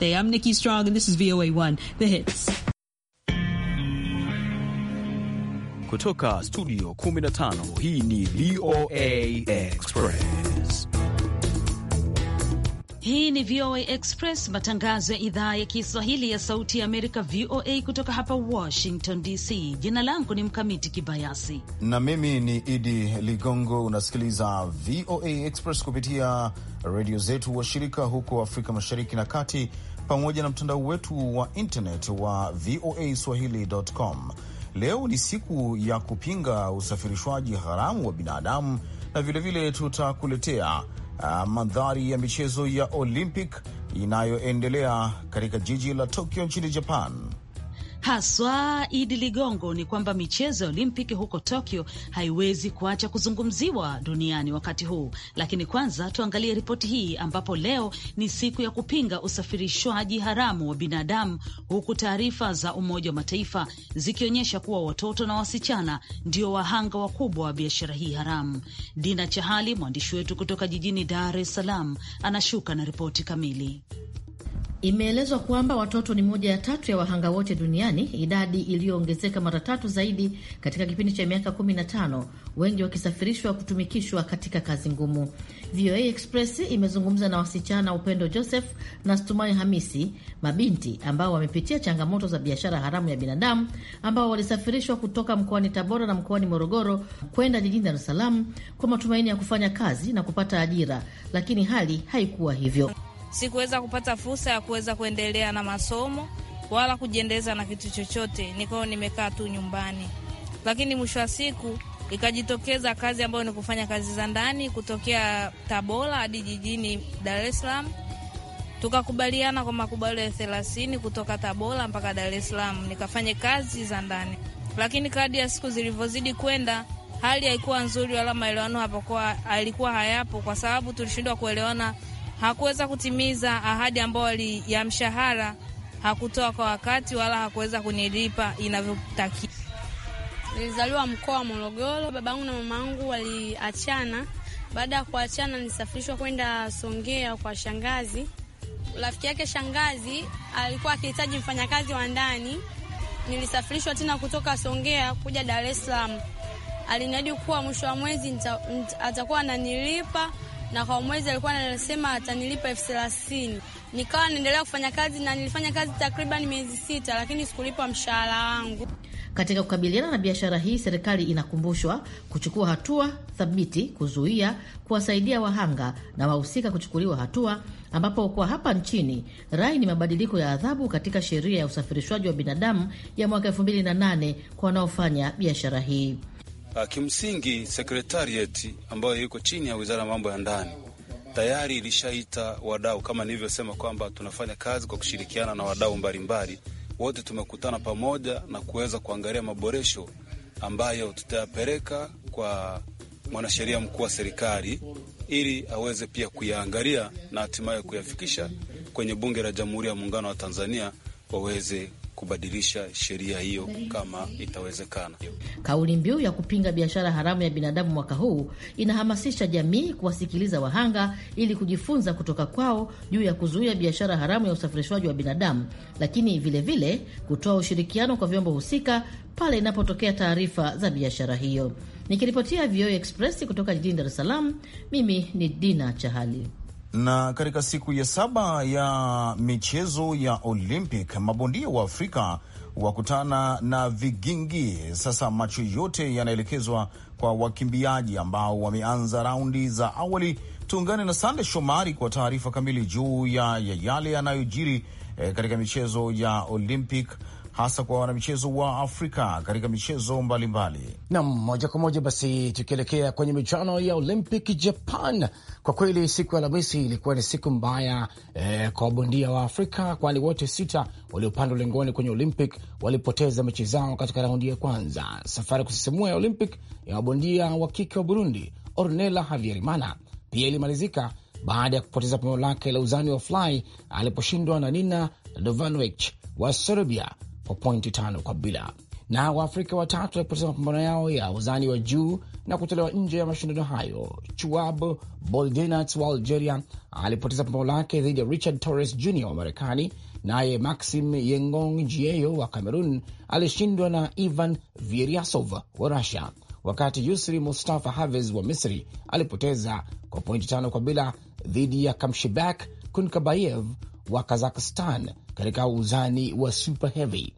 Hey, I'm Nikki Strong and this is VOA1, The Hits. Kutoka Studio 15, hii ni VOA Express. Hii ni VOA Express, matangazo ya idhaa ya Kiswahili ya Sauti ya Amerika, VOA, kutoka hapa Washington DC. Jina langu ni Mkamiti Kibayasi na mimi ni Idi Ligongo. Unasikiliza VOA Express kupitia redio zetu washirika huko Afrika Mashariki na Kati pamoja na mtandao wetu wa internet wa voa swahilicom Leo ni siku ya kupinga usafirishwaji haramu wa binadamu na vilevile tutakuletea uh, mandhari ya michezo ya Olympic inayoendelea katika jiji la Tokyo nchini Japan haswa Idi Ligongo, ni kwamba michezo ya Olimpiki huko Tokyo haiwezi kuacha kuzungumziwa duniani wakati huu. Lakini kwanza tuangalie ripoti hii, ambapo leo ni siku ya kupinga usafirishwaji haramu wa binadamu, huku taarifa za Umoja wa Mataifa zikionyesha kuwa watoto na wasichana ndio wahanga wakubwa wa biashara hii haramu. Dina Chahali, mwandishi wetu kutoka jijini Dar es Salaam, anashuka na ripoti kamili. Imeelezwa kwamba watoto ni moja ya tatu ya wahanga wote duniani, idadi iliyoongezeka mara tatu zaidi katika kipindi cha miaka 15, wengi wakisafirishwa kutumikishwa katika kazi ngumu. VOA Express imezungumza na wasichana Upendo Joseph na Stumai Hamisi, mabinti ambao wamepitia changamoto za biashara haramu ya binadamu, ambao walisafirishwa kutoka mkoani Tabora na mkoani Morogoro kwenda jijini Dar es Salaam kwa matumaini ya kufanya kazi na kupata ajira, lakini hali haikuwa hivyo sikuweza kupata fursa ya kuweza kuendelea na masomo wala kujiendeleza na kitu chochote, nikao nimekaa tu nyumbani. Lakini mwisho wa siku ikajitokeza kazi ambayo ni kufanya kazi za ndani kutokea Tabora hadi jijini Dar es Salaam. Tukakubaliana kwa makubaliano ya thelathini kutoka Tabora mpaka Dar es Salaam, nikafanye kazi za ndani. Lakini kadi ya siku zilivyozidi kwenda, hali haikuwa nzuri, wala maelewano hapakuwa alikuwa hayapo, kwa sababu tulishindwa kuelewana hakuweza kutimiza ahadi ambayo ya mshahara, hakutoa kwa wakati wala hakuweza kunilipa inavyotakiwa. Nilizaliwa mkoa wa Morogoro. Babangu na mamangu waliachana. Baada ya kuachana, nilisafirishwa kwenda Songea kwa shangazi. Rafiki yake shangazi alikuwa akihitaji mfanyakazi wa ndani. Nilisafirishwa tena kutoka Songea kuja Dar es Salaam. Aliniahidi kuwa mwisho wa mwezi nita, nita, atakuwa ananilipa na kwa mwezi alikuwa anasema atanilipa elfu thelathini. Nikawa naendelea kufanya kazi na nilifanya kazi takriban miezi sita, lakini sikulipwa mshahara wangu. Katika kukabiliana na biashara hii, serikali inakumbushwa kuchukua hatua thabiti kuzuia, kuwasaidia wahanga na wahusika kuchukuliwa hatua, ambapo kwa hapa nchini rai ni mabadiliko ya adhabu katika sheria ya usafirishwaji wa binadamu ya mwaka 2008 kwa wanaofanya biashara hii. Uh, kimsingi sekretariat ambayo iko chini ya wizara ya mambo ya ndani tayari ilishaita wadau, kama nilivyosema kwamba tunafanya kazi kwa kushirikiana na wadau mbalimbali. Wote tumekutana pamoja na kuweza kuangalia maboresho ambayo tutayapeleka kwa mwanasheria mkuu wa serikali ili aweze pia kuyaangalia na hatimaye kuyafikisha kwenye Bunge la Jamhuri ya Muungano wa Tanzania waweze kubadilisha sheria hiyo kama itawezekana. Kauli mbiu ya kupinga biashara haramu ya binadamu mwaka huu inahamasisha jamii kuwasikiliza wahanga ili kujifunza kutoka kwao juu ya kuzuia biashara haramu ya usafirishwaji wa binadamu, lakini vilevile kutoa ushirikiano kwa vyombo husika pale inapotokea taarifa za biashara hiyo. Nikiripotia VOA e Express kutoka jijini Dar es Salaam, mimi ni Dina Chahali. Na katika siku ya saba ya michezo ya Olympic mabondia wa Afrika wakutana na vigingi. Sasa macho yote yanaelekezwa kwa wakimbiaji ambao wameanza raundi za awali. Tuungane na Sande Shomari kwa taarifa kamili juu ya, ya yale yanayojiri eh, katika michezo ya Olympic hasa kwa wanamichezo wa Afrika katika michezo mbalimbali. Nam moja kwa moja basi, tukielekea kwenye michuano ya Olympic Japan, kwa kweli siku ya Alhamisi ilikuwa ni siku mbaya eh, kwa wabondia wa Afrika, kwani wote sita waliopanda ulingoni kwenye Olympic walipoteza mechi zao katika raundi ya kwanza. Safari kusisimua ya Olympic ya wabondia wa kike wa Burundi Ornella Havyarimana pia ilimalizika baada ya kupoteza pambano lake la uzani wa fly aliposhindwa na Nina Radovanovic wa Serbia kwa pointi tano kwa bila, na Waafrika watatu walipoteza mapambano yao ya uzani wa juu na kutolewa nje ya mashindano hayo. Chuab Boldenat wa Algeria alipoteza pambano lake dhidi ya Richard Torres Jr wa Marekani, naye Maxim Yengong Jieyo wa Cameroon alishindwa na Ivan Vieriasov wa Rusia, wakati Yusri Mustafa Haves wa Misri alipoteza kwa pointi tano kwa bila dhidi ya Kamshibak Kunkabayev wa Kazakhstan katika uzani wa super heavy.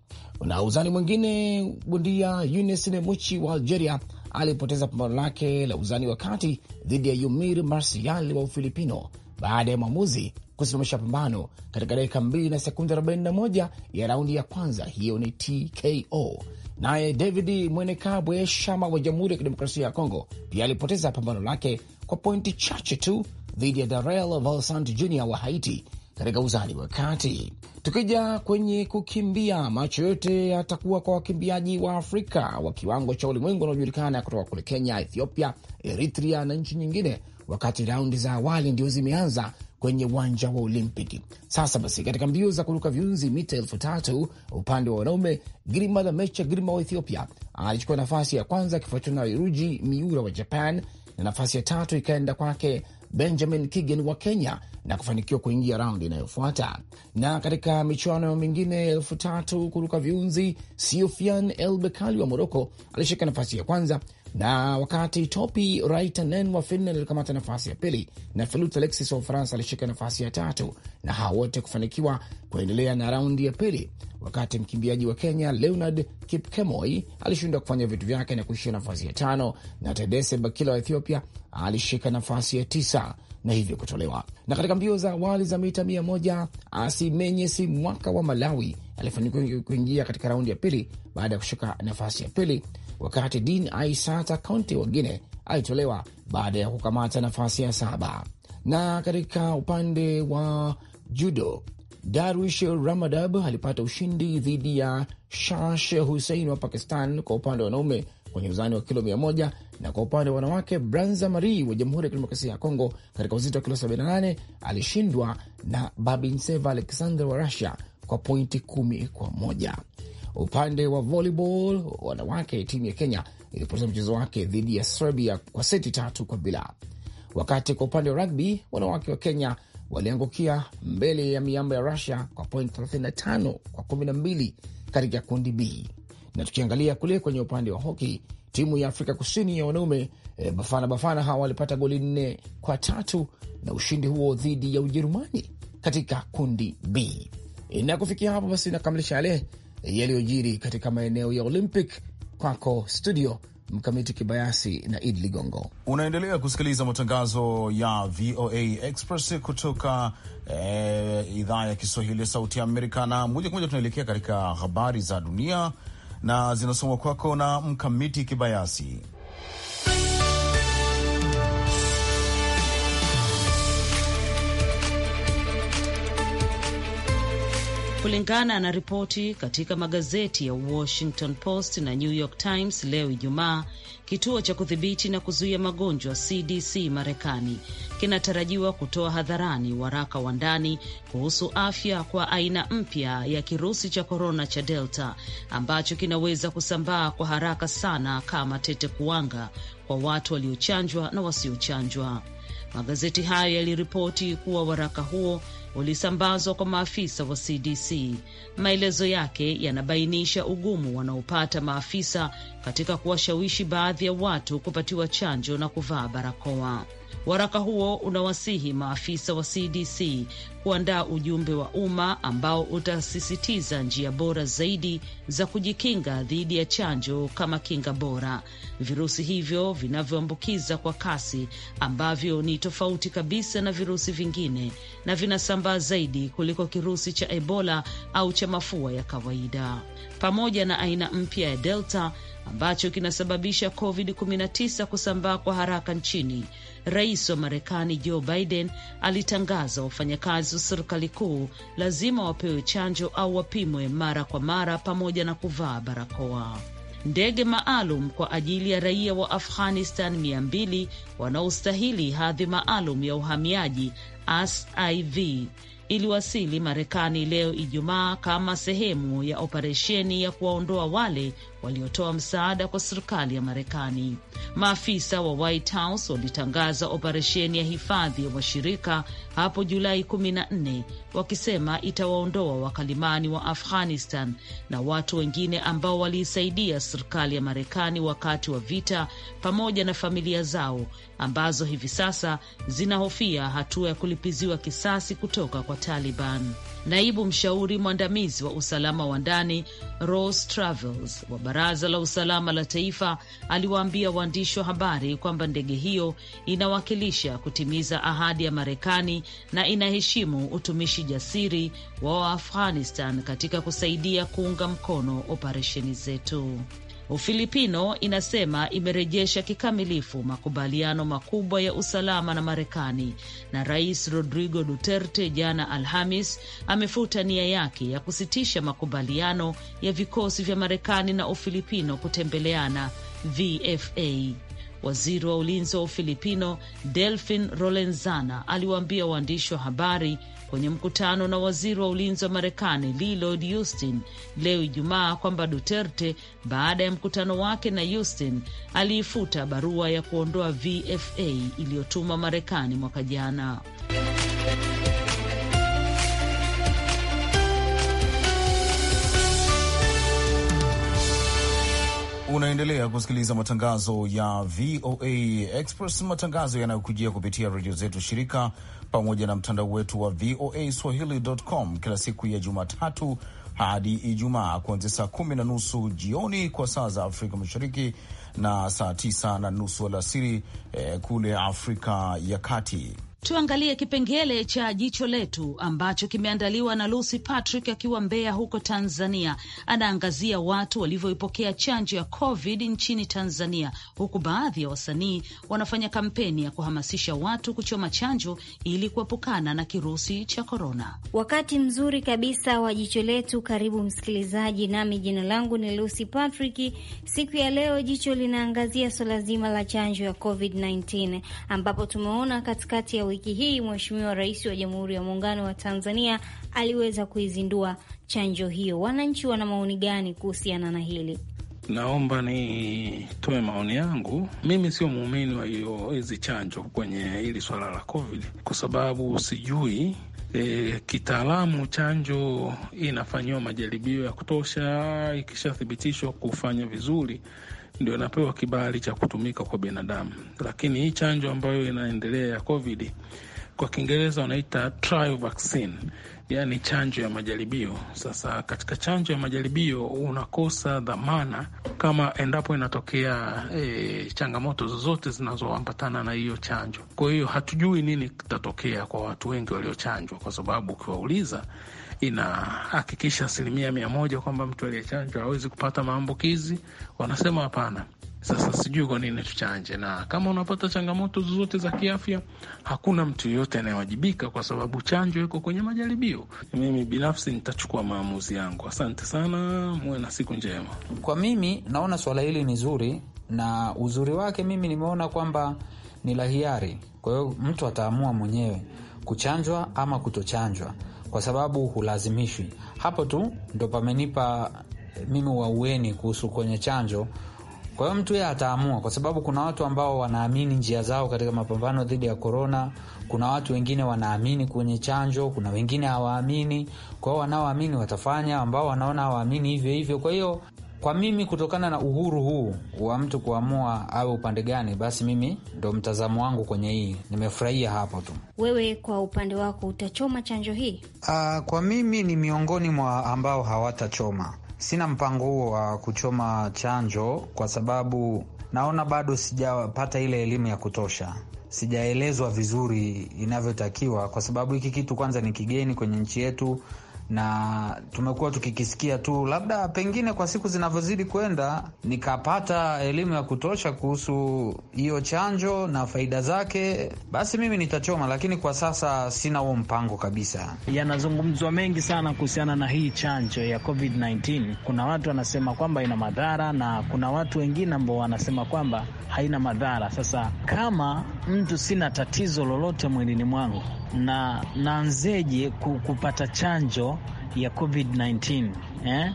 Na uzani mwingine, bondia Younes Nemuchi wa Algeria alipoteza pambano lake la uzani wa kati dhidi ya Yumir marsial wa Ufilipino baada ya mwamuzi kusimamisha pambano katika dakika 2 na sekunde 41 ya raundi ya kwanza. Hiyo ni TKO. Naye David Mwenekabwe Shama wa Jamhuri ya Kidemokrasia ya Kongo pia alipoteza pambano lake kwa pointi chache tu dhidi ya darel Valsant Jr wa Haiti katika uzani wa kati. Tukija kwenye kukimbia, macho yote yatakuwa kwa wakimbiaji wa Afrika wa kiwango cha ulimwengu wanaojulikana kutoka kule Kenya, Ethiopia, Eritrea na nchi nyingine, wakati raundi za awali ndio zimeanza kwenye uwanja wa Olimpiki. Sasa basi, katika mbio za kuruka viunzi mita elfu tatu upande wa wanaume, Girma mecha Girma wa Ethiopia alichukua nafasi ya kwanza akifuatiwa na iruji Miura wa Japan, na nafasi ya tatu ikaenda kwake Benjamin Kigen wa Kenya na kufanikiwa kuingia raundi inayofuata. Na katika michuano mingine elfu tatu kuruka viunzi, Siofian El Bekali wa Moroko alishika nafasi ya kwanza na wakati Topi Raitanen wa Finland alikamata nafasi ya pili na Felut Alexis wa Ufaransa alishika nafasi ya tatu, na hawa wote kufanikiwa kuendelea na raundi ya pili, wakati mkimbiaji wa Kenya Leonard Kipkemoi alishindwa kufanya vitu vyake na kuishia nafasi ya tano, na Tedese Bakila wa Ethiopia alishika nafasi ya tisa na hivyo kutolewa. Na katika mbio za awali za mita mia moja Asimenyesi mwaka wa Malawi alifanikiwa kuingia katika raundi ya pili baada ya kushika nafasi ya pili wakati Din Aisata Conte wa Guine alitolewa baada ya kukamata nafasi ya saba. Na katika upande wa judo, Darwish Ramadab alipata ushindi dhidi ya Shash Hussein wa Pakistan kwa upande wa wanaume kwenye uzani wa kilo mia moja na kwa upande wa wanawake Branza mari wa Jamhuri ya Kidemokrasia ya Kongo katika uzito wa kilo 78 alishindwa na Babinseva Alexander wa Russia kwa pointi kumi kwa moja. Upande wa volleyball, wanawake timu ya Kenya ilipoteza mchezo wake dhidi ya Serbia kwa seti tatu kwa bila, wakati kwa upande wa rugby wanawake wa Kenya waliangukia mbele ya miamba ya Rusia kwa point 35 kwa 12 katika kundi B. Na tukiangalia kule kwenye upande wa hoki, timu ya Afrika Kusini ya wanaume e, Bafana Bafana hawa walipata goli nne kwa tatu na ushindi huo dhidi ya Ujerumani katika kundi B. E, na kufikia hapo basi nakamilisha yale yaliyojiri katika maeneo ya Olympic. Kwako studio Mkamiti Kibayasi na Idi Ligongo. Unaendelea kusikiliza matangazo ya VOA Express kutoka eh, idhaa ya Kiswahili ya Sauti ya Amerika, na moja kwa moja tunaelekea katika habari za dunia na zinasomwa kwako na Mkamiti Kibayasi. kulingana na ripoti katika magazeti ya Washington Post na New York Times leo Ijumaa. Kituo cha kudhibiti na kuzuia magonjwa CDC Marekani kinatarajiwa kutoa hadharani waraka wa ndani kuhusu afya kwa aina mpya ya kirusi cha korona cha Delta ambacho kinaweza kusambaa kwa haraka sana kama tete kuwanga kwa watu waliochanjwa na wasiochanjwa. Magazeti hayo yaliripoti kuwa waraka huo ulisambazwa kwa maafisa wa CDC. Maelezo yake yanabainisha ugumu wanaopata maafisa katika kuwashawishi baadhi ya watu kupatiwa chanjo na kuvaa barakoa. Waraka huo unawasihi maafisa wa CDC kuandaa ujumbe wa umma ambao utasisitiza njia bora zaidi za kujikinga dhidi ya chanjo kama kinga bora. Virusi hivyo vinavyoambukiza kwa kasi, ambavyo ni tofauti kabisa na virusi vingine na vinasambaa zaidi kuliko kirusi cha Ebola au cha mafua ya kawaida, pamoja na aina mpya ya Delta ambacho kinasababisha COVID-19 kusambaa kwa haraka nchini, Rais wa Marekani Joe Biden alitangaza wafanyakazi wa serikali kuu lazima wapewe chanjo au wapimwe mara kwa mara pamoja na kuvaa barakoa. Ndege maalum kwa ajili ya raia wa Afghanistan mia wanaostahili hadhi maalum ya uhamiaji SIV iliwasili Marekani leo Ijumaa kama sehemu ya operesheni ya kuwaondoa wale waliotoa msaada kwa serikali ya Marekani. Maafisa wa White House walitangaza operesheni ya hifadhi ya washirika hapo Julai 14 wakisema itawaondoa wakalimani wa Afghanistan na watu wengine ambao waliisaidia serikali ya Marekani wakati wa vita pamoja na familia zao ambazo hivi sasa zinahofia hatua ya kulipiziwa kisasi kutoka kwa Taliban naibu mshauri mwandamizi wa usalama wa ndani Rose Travels wa Baraza la Usalama la Taifa aliwaambia waandishi wa habari kwamba ndege hiyo inawakilisha kutimiza ahadi ya Marekani na inaheshimu utumishi jasiri wa Waafghanistan katika kusaidia kuunga mkono operesheni zetu. Ufilipino inasema imerejesha kikamilifu makubaliano makubwa ya usalama na Marekani, na Rais Rodrigo Duterte jana Alhamis amefuta nia yake ya kusitisha makubaliano ya vikosi vya Marekani na Ufilipino kutembeleana VFA. Waziri wa ulinzi wa Ufilipino Delfin Rolenzana aliwaambia waandishi wa habari kwenye mkutano na waziri wa ulinzi wa Marekani Lloyd Austin leo Ijumaa kwamba Duterte baada ya mkutano wake na Austin aliifuta barua ya kuondoa VFA iliyotuma Marekani mwaka jana. Unaendelea kusikiliza matangazo ya VOA Express, matangazo yanayokujia kupitia redio zetu shirika pamoja na mtandao wetu wa VOA Swahili.com kila siku ya Jumatatu hadi Ijumaa kuanzia saa kumi na nusu jioni kwa saa za Afrika Mashariki na saa tisa na nusu alasiri eh, kule Afrika ya Kati. Tuangalie kipengele cha jicho letu ambacho kimeandaliwa na Lucy Patrick akiwa Mbeya huko Tanzania. Anaangazia watu walivyoipokea chanjo ya COVID nchini Tanzania, huku baadhi ya wasanii wanafanya kampeni ya kuhamasisha watu kuchoma chanjo ili kuepukana na kirusi cha korona. Wakati mzuri kabisa wa jicho letu. Karibu msikilizaji, nami jina langu ni Lucy Patrick. Siku ya leo jicho linaangazia swala zima la chanjo ya COVID-19 ambapo tumeona katikati ya wiki hii Mheshimiwa Rais wa Jamhuri ya Muungano wa Tanzania aliweza kuizindua chanjo hiyo. Wananchi wana maoni gani kuhusiana na hili? Naomba nitoe maoni yangu. Mimi sio muumini wa hiyo hizi chanjo kwenye hili swala la COVID kwa sababu sijui E, kitaalamu chanjo inafanyiwa majaribio ya kutosha, ikishathibitishwa kufanya vizuri ndio inapewa kibali cha kutumika kwa binadamu. Lakini hii chanjo ambayo inaendelea ya COVID kwa Kiingereza wanaita trial vaccine, yaani chanjo ya majaribio. Sasa katika chanjo ya majaribio unakosa dhamana kama endapo inatokea e, changamoto zozote zinazoambatana na hiyo chanjo. Kwa hiyo hatujui nini kitatokea kwa watu wengi waliochanjwa, kwa sababu ukiwauliza inahakikisha asilimia mia moja kwamba mtu aliyechanjwa hawezi kupata maambukizi? Wanasema hapana. Sasa sijui kwa nini tuchanje, na kama unapata changamoto zozote za kiafya, hakuna mtu yoyote anayewajibika kwa sababu chanjo iko kwenye majaribio. Mimi binafsi nitachukua maamuzi yangu. Asante sana, muwe na siku njema. Kwa mimi naona swala hili ni zuri, na uzuri wake mimi nimeona kwamba ni la hiari. Kwa hiyo mtu ataamua mwenyewe kuchanjwa ama kutochanjwa kwa sababu hulazimishwi. Hapo tu ndo pamenipa mimi waueni kuhusu kwenye chanjo. Kwa hiyo mtu yeye ataamua, kwa sababu kuna watu ambao wanaamini njia zao katika mapambano dhidi ya korona. Kuna watu wengine wanaamini kwenye chanjo, kuna wengine hawaamini. Kwa hiyo wanaoamini watafanya, ambao wanaona hawaamini hivyo hivyo. Kwa hiyo kwa mimi, kutokana na uhuru huu wa mtu kuamua awe upande gani, basi mimi ndo mtazamo wangu kwenye hii, nimefurahia hapo tu. Wewe kwa upande wako utachoma chanjo hii? Uh, kwa mimi ni miongoni mwa ambao hawatachoma. Sina mpango huo wa kuchoma chanjo kwa sababu naona bado sijapata ile elimu ya kutosha, sijaelezwa vizuri inavyotakiwa, kwa sababu hiki kitu kwanza ni kigeni kwenye nchi yetu na tumekuwa tukikisikia tu, labda pengine kwa siku zinavyozidi kwenda nikapata elimu ya kutosha kuhusu hiyo chanjo na faida zake, basi mimi nitachoma, lakini kwa sasa sina huo mpango kabisa. Yanazungumzwa mengi sana kuhusiana na hii chanjo ya COVID-19. Kuna watu wanasema kwamba ina madhara na kuna watu wengine ambao wanasema kwamba haina madhara. Sasa kama mtu sina tatizo lolote mwilini mwangu na naanzeje kupata chanjo ya COVID-19 eh?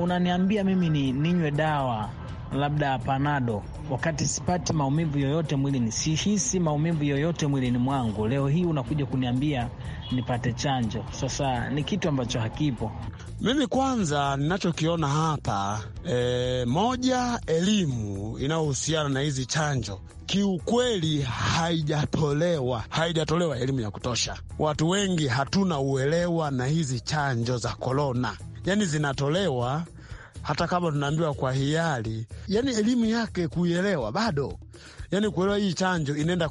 Unaniambia mimi ni ninywe dawa labda panado wakati sipati maumivu yoyote mwilini, sihisi maumivu yoyote mwilini mwangu. Leo hii unakuja kuniambia nipate chanjo. Sasa ni kitu ambacho hakipo. Mimi kwanza ninachokiona hapa e, moja, elimu inayohusiana na hizi chanjo kiukweli haijatolewa, haijatolewa elimu ya kutosha. Watu wengi hatuna uelewa na hizi chanjo za korona, yani zinatolewa hata kama tunaambiwa kwa hiari, yani elimu yake kuielewa bado, yani kuelewa hii chanjo inaenda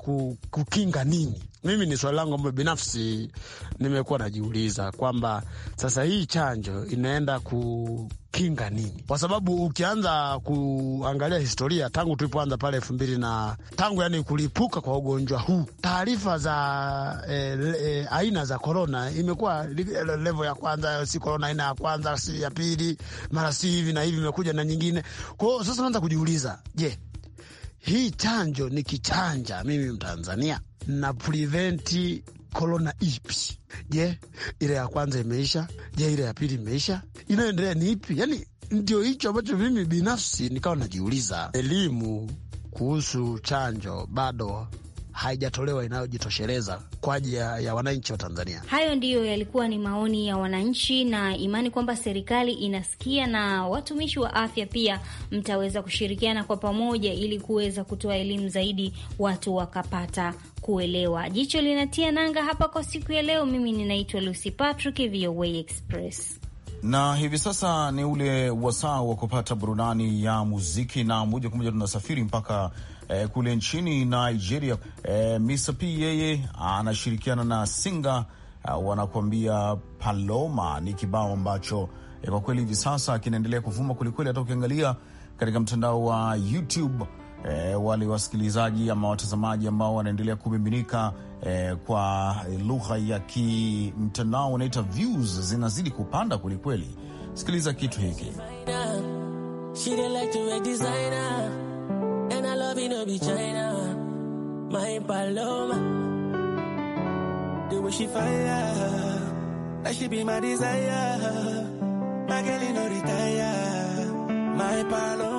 kukinga nini mimi ni swali langu ambayo binafsi nimekuwa najiuliza kwamba sasa hii chanjo inaenda ku kinga nini? Kwa sababu ukianza kuangalia historia tangu tulipoanza pale elfu mbili na tangu yani kulipuka kwa ugonjwa huu, taarifa za e, e, aina za korona imekuwa levo ya kwanza, si korona aina ya kwanza, si ya pili, mara si hivi na hivi, imekuja na nyingine. Kwa hiyo sasa naanza kujiuliza, je, hii chanjo nikichanja mimi Mtanzania na preventi korona ipi? Je, ile ya kwanza imeisha? Je, ile ya pili imeisha? Inaendelea ni ipi? Yani ndio hicho ambacho mimi binafsi nikawa najiuliza. Elimu kuhusu chanjo bado haijatolewa inayojitosheleza kwa ajili ya, ya wananchi wa Tanzania. Hayo ndiyo yalikuwa ni maoni ya wananchi na imani kwamba serikali inasikia na watumishi wa afya pia mtaweza kushirikiana kwa pamoja ili kuweza kutoa elimu zaidi, watu wakapata kuelewa. Jicho linatia nanga hapa kwa siku ya leo. Mimi ninaitwa Lucy Patrick, VOA Express na hivi sasa ni ule wasaa wa kupata burudani ya muziki, na moja kwa moja tunasafiri mpaka eh, kule nchini Nigeria. Eh, Mr P yeye anashirikiana na Singa uh, eh, wanakuambia Paloma ni kibao ambacho eh, kwa kweli hivi sasa kinaendelea kuvuma kwelikweli. Hata ukiangalia katika mtandao wa YouTube eh, wale wasikilizaji ama watazamaji ambao wanaendelea kumiminika eh, kwa lugha ya kimtandao wanaita views zinazidi kupanda kwelikweli. Sikiliza kitu hiki. me no be China, my Paloma. The way she fire, like she be my desire. My girl, you know retire, my Paloma.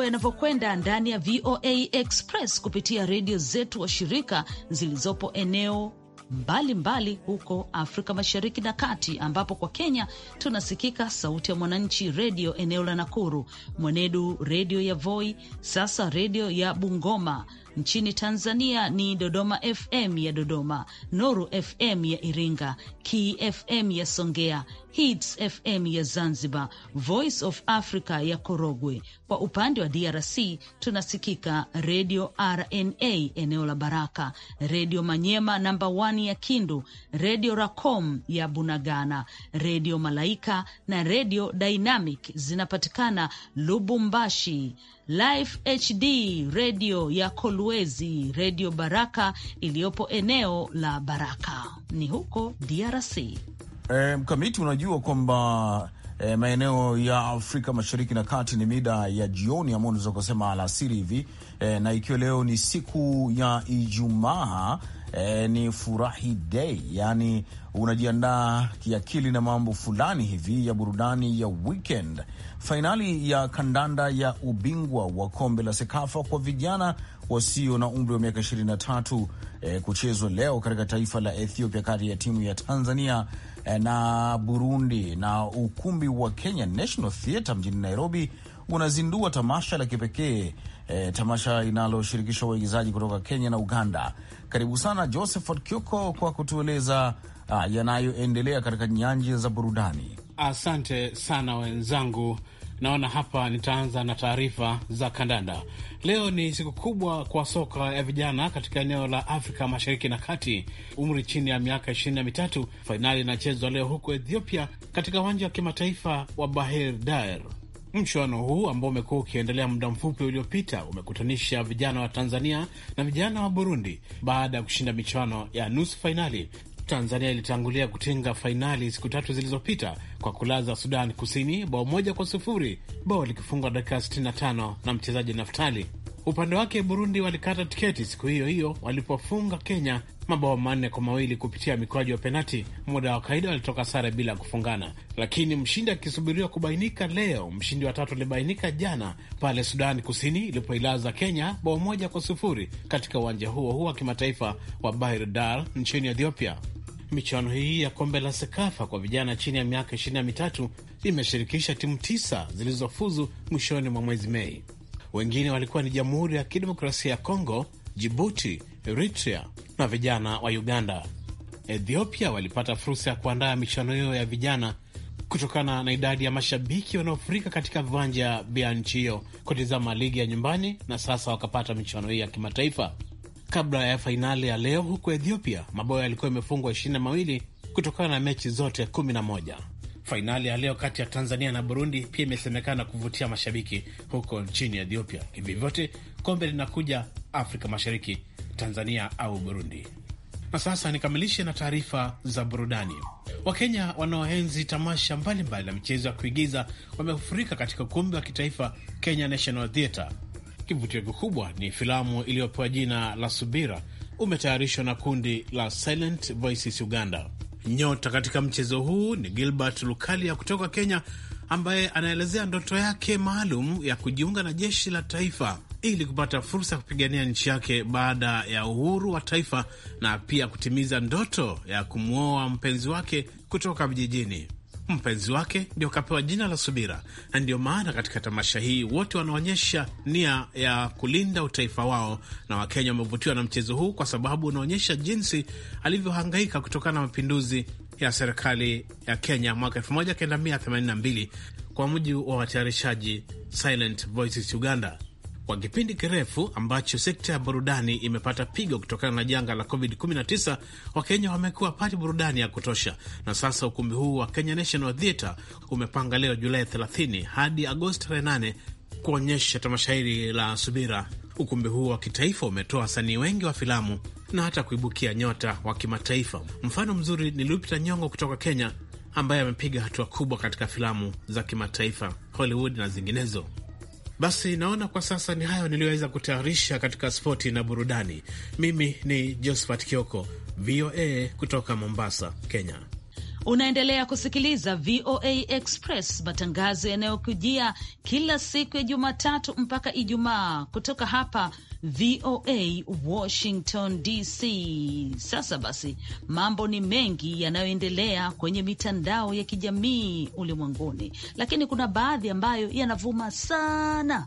mambo yanavyokwenda ndani ya VOA Express kupitia redio zetu wa shirika zilizopo eneo mbalimbali mbali huko Afrika Mashariki na Kati, ambapo kwa Kenya tunasikika Sauti ya Mwananchi redio eneo la Nakuru, Mwenedu redio ya Voi, sasa redio ya Bungoma, Nchini Tanzania ni Dodoma FM ya Dodoma, Noru FM ya Iringa, kfm ya Songea, Hits FM ya Zanzibar, Voice of Africa ya Korogwe. Kwa upande wa DRC tunasikika Redio RNA eneo la Baraka, Redio Manyema namba 1 ya Kindu, Redio Racom ya Bunagana, Redio Malaika na Redio Dynamic zinapatikana Lubumbashi. Life HD redio ya Kolwezi, redio Baraka iliyopo eneo la Baraka ni huko DRC. E, eh, mkamiti unajua kwamba e, maeneo ya Afrika Mashariki na Kati ni mida ya jioni, ambao unaweza kusema alasiri hivi e, na ikiwa leo ni siku ya Ijumaa e, ni furahi day, yaani unajiandaa kiakili na mambo fulani hivi ya burudani ya weekend. Fainali ya kandanda ya ubingwa wa kombe la Sekafa kwa vijana wasio na umri wa miaka 23 e, eh, kuchezwa leo katika taifa la Ethiopia kati ya timu ya Tanzania e, na Burundi, na ukumbi wa Kenya National Theatre mjini Nairobi unazindua tamasha la kipekee e, tamasha inaloshirikisha uwegezaji kutoka Kenya na Uganda. Karibu sana Josephat Kioko kwa kutueleza yanayoendelea katika nyanja za burudani. Asante sana wenzangu. Naona hapa nitaanza na taarifa za kandanda. Leo ni siku kubwa kwa soka ya vijana katika eneo la Afrika mashariki na kati, umri chini ya miaka ishirini na mitatu. Fainali inachezwa leo huko Ethiopia katika uwanja wa kimataifa wa Bahir Dar. Mchuano huu ambao umekuwa ukiendelea muda mfupi uliopita umekutanisha vijana wa Tanzania na vijana wa Burundi baada ya kushinda michuano ya nusu fainali. Tanzania ilitangulia kutinga fainali siku tatu zilizopita kwa kulaza Sudan Kusini bao moja kwa sufuri, bao likifungwa dakika 65 na mchezaji Naftali. Upande wake Burundi walikata tiketi siku hiyo hiyo walipofunga Kenya mabao manne kwa mawili kupitia mikwaju ya penati. Muda wa kawaida walitoka sare bila kufungana, lakini mshindi akisubiriwa kubainika leo. Mshindi wa tatu alibainika jana pale Sudani Kusini ilipoilaza Kenya bao moja kwa sufuri katika uwanja huo huo wa kimataifa wa Bahir Dar nchini Ethiopia. Michuano hii ya kombe la SEKAFA kwa vijana chini ya miaka ishirini na mitatu imeshirikisha timu tisa zilizofuzu mwishoni mwa mwezi Mei. Wengine walikuwa ni Jamhuri ya Kidemokrasia ya Kongo, Jibuti, Eritrea na vijana wa Uganda. Ethiopia walipata fursa ya kuandaa michuano hiyo ya vijana kutokana na idadi ya mashabiki wanaofurika katika viwanja vya nchi hiyo kutizama ligi ya nyumbani, na sasa wakapata michuano hiyo ya kimataifa kabla ya fainali ya leo. Huko Ethiopia mabao yalikuwa yamefungwa ishirini na mawili kutokana na mechi zote kumi na moja. Fainali ya leo kati ya Tanzania na Burundi pia imesemekana kuvutia mashabiki huko nchini Ethiopia. Hivi vyote kombe linakuja Afrika Mashariki Tanzania au Burundi. Na sasa nikamilishe na taarifa za burudani. Wakenya wanaoenzi tamasha mbalimbali la michezo ya kuigiza wamefurika katika ukumbi wa kitaifa Kenya National Theatre. Kivutio kikubwa ni filamu iliyopewa jina la Subira, umetayarishwa na kundi la Silent Voices Uganda. Nyota katika mchezo huu ni Gilbert Lukalia kutoka Kenya, ambaye anaelezea ndoto yake maalum ya kujiunga na jeshi la taifa ili kupata fursa ya kupigania nchi yake baada ya uhuru wa taifa na pia kutimiza ndoto ya kumwoa mpenzi wake kutoka vijijini. Mpenzi wake ndio kapewa jina la Subira, na ndiyo maana katika tamasha hii wote wanaonyesha nia ya kulinda utaifa wao, na Wakenya wamevutiwa na mchezo huu kwa sababu unaonyesha jinsi alivyohangaika kutokana na mapinduzi ya serikali ya Kenya mwaka 1982 kwa mujibu wa watayarishaji Silent Voices Uganda kwa kipindi kirefu ambacho sekta ya burudani imepata pigo kutokana na janga la COVID-19, Wakenya wamekuwa pati burudani ya kutosha, na sasa ukumbi huu wa Kenya National Theatre umepanga leo Julai 30 hadi Agosti 8 kuonyesha tamasha hili la Subira. Ukumbi huu wa kitaifa umetoa wasanii wengi wa filamu na hata kuibukia nyota wa kimataifa. Mfano mzuri ni Lupita Nyong'o kutoka Kenya ambaye amepiga hatua kubwa katika filamu za kimataifa Hollywood na zinginezo. Basi naona kwa sasa ni hayo niliyoweza kutayarisha katika spoti na burudani. Mimi ni Josephat Kioko, VOA kutoka Mombasa, Kenya. Unaendelea kusikiliza VOA Express, matangazo yanayokujia kila siku ya Jumatatu mpaka Ijumaa kutoka hapa VOA Washington DC. Sasa basi, mambo ni mengi yanayoendelea kwenye mitandao ya kijamii ulimwenguni, lakini kuna baadhi ambayo yanavuma sana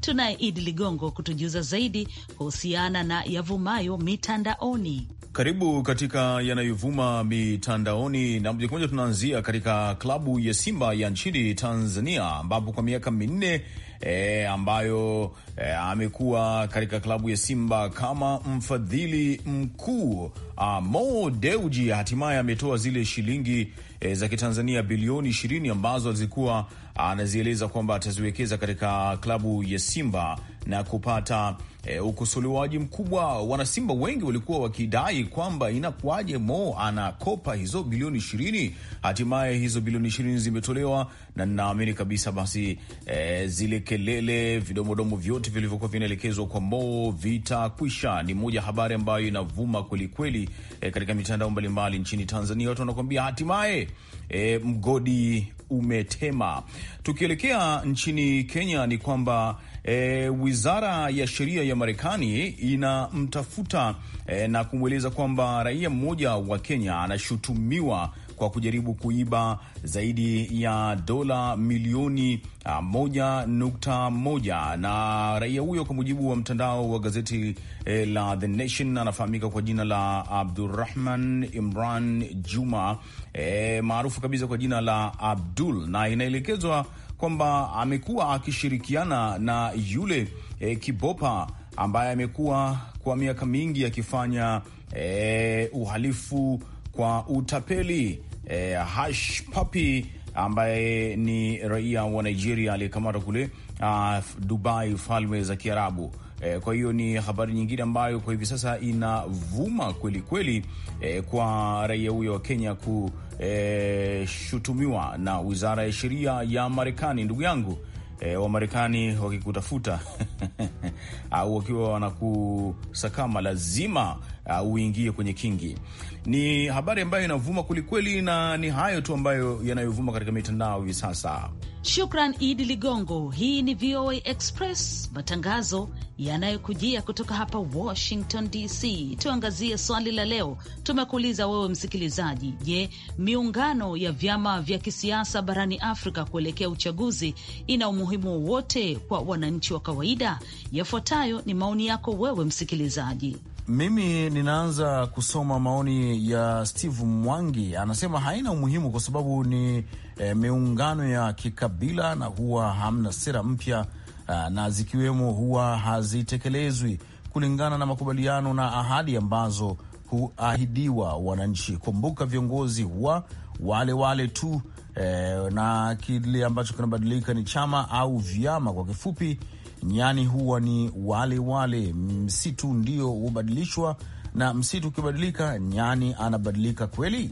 tunaye Idi Ligongo kutujuza zaidi kuhusiana na yavumayo mitandaoni. Karibu katika yanayovuma mitandaoni, na moja kwa moja tunaanzia katika klabu ya Simba ya nchini Tanzania, ambapo kwa miaka minne e, ambayo eh, amekuwa katika klabu ya Simba kama mfadhili mkuu. Ah, Mo Deuji hatimaye ametoa zile shilingi eh, za Kitanzania bilioni ishirini ambazo alizikuwa anazieleza kwamba ataziwekeza katika klabu ya Simba na kupata e, ukosolewaji mkubwa. Wanasimba wengi walikuwa wakidai kwamba inakuwaje Mo anakopa hizo bilioni ishirini. Hatimaye hizo bilioni ishirini zimetolewa na ninaamini kabisa basi e, zile kelele, vidomodomo vyote vyote vilivyokuwa vinaelekezwa kwa Mo vitakwisha, ni moja habari ambayo inavuma kwelikweli e, eh, katika mitandao mbalimbali nchini Tanzania. Watu wanakuambia hatimaye e, mgodi umetema. Tukielekea nchini Kenya ni kwamba e, wizara ya sheria ya Marekani inamtafuta e, na kumweleza kwamba raia mmoja wa Kenya anashutumiwa kwa kujaribu kuiba zaidi ya dola milioni ah, moja nukta moja na raia huyo, kwa mujibu wa mtandao wa gazeti eh, la The Nation, anafahamika kwa jina la Abdurrahman Imran Juma eh, maarufu kabisa kwa jina la Abdul, na inaelekezwa kwamba amekuwa akishirikiana na yule eh, kibopa ambaye amekuwa kwa miaka mingi akifanya eh, uhalifu kwa utapeli eh, Hash Papi ambaye ni raia wa Nigeria aliyekamatwa kule uh, Dubai, Falme za Kiarabu. Eh, kwa hiyo ni habari nyingine ambayo kwa hivi sasa inavuma kweli kweli, eh, kwa raia huyo wa Kenya kushutumiwa e, eh, na Wizara ya Sheria ya Marekani. Ndugu yangu e, Wamarekani wakikutafuta au wakiwa wanakusakama lazima uingie kwenye kingi. Ni habari ambayo inavuma kwelikweli, na ni hayo tu ambayo yanayovuma katika mitandao hivi sasa. Shukran Idi Ligongo. Hii ni VOA Express, matangazo yanayokujia kutoka hapa Washington DC. Tuangazie swali la leo. Tumekuuliza wewe msikilizaji, je, miungano ya vyama vya kisiasa barani Afrika kuelekea uchaguzi ina umuhimu wowote kwa wananchi wa kawaida? Yafuatayo ni maoni yako wewe msikilizaji. Mimi ninaanza kusoma maoni ya Steve Mwangi, anasema haina umuhimu kwa sababu ni e, miungano ya kikabila na huwa hamna sera mpya ah, na zikiwemo huwa hazitekelezwi kulingana na makubaliano na ahadi ambazo huahidiwa wananchi. Kumbuka viongozi huwa wale wale tu e, na kile ambacho kinabadilika ni chama au vyama. Kwa kifupi nyani huwa ni wale wale, msitu ndio hubadilishwa, na msitu ukibadilika nyani anabadilika kweli?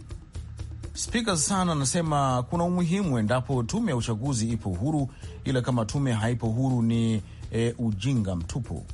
Spika sana anasema kuna umuhimu endapo tume ya uchaguzi ipo huru, ila kama tume haipo huru ni e, ujinga mtupu.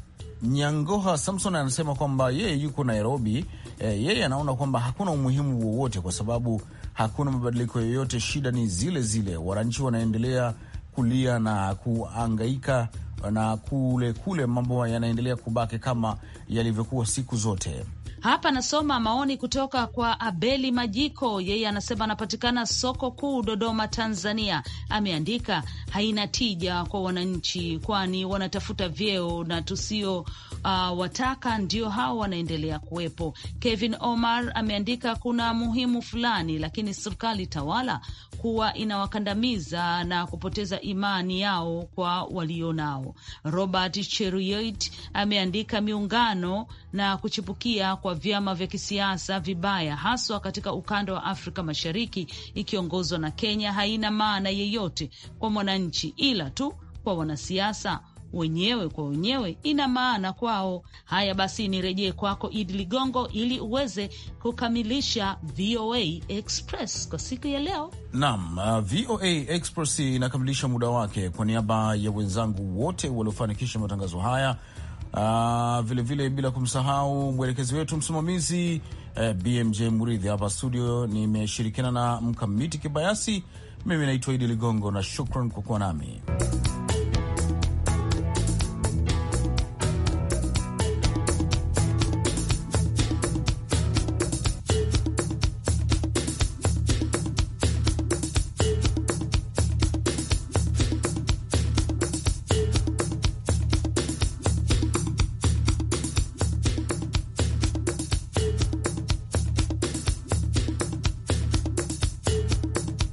Nyangoha Samson anasema kwamba yeye yuko Nairobi. E, yeye anaona kwamba hakuna umuhimu wowote kwa sababu hakuna mabadiliko yoyote, shida ni zile zile, wananchi wanaendelea kulia na kuangaika na kule kule mambo yanaendelea kubaki kama yalivyokuwa siku zote. Hapa anasoma maoni kutoka kwa Abeli Majiko, yeye anasema anapatikana soko kuu Dodoma, Tanzania. Ameandika haina tija kwa wananchi, kwani wanatafuta vyeo na tusio uh, wataka ndio hao wanaendelea kuwepo. Kevin Omar ameandika kuna muhimu fulani, lakini serikali tawala kuwa inawakandamiza na kupoteza imani yao kwa walio nao. Robert Cheruiyot ameandika miungano na kuchipukia kwa vyama vya kisiasa vibaya, haswa katika ukanda wa Afrika Mashariki ikiongozwa na Kenya haina maana yeyote kwa mwananchi, ila tu kwa wanasiasa wenyewe kwa wenyewe ina maana kwao. Haya basi, nirejee kwako Idi Ligongo ili uweze kukamilisha VOA Express kwa siku ya leo. Naam, uh, VOA Express inakamilisha muda wake. Kwa niaba ya wenzangu wote waliofanikisha matangazo haya uh, ah, vilevile bila kumsahau mwelekezi wetu msimamizi uh, eh, BMJ Muridhi. Hapa studio nimeshirikiana na Mkamiti Kibayasi. Mimi naitwa Idi Ligongo na shukran kwa kuwa nami.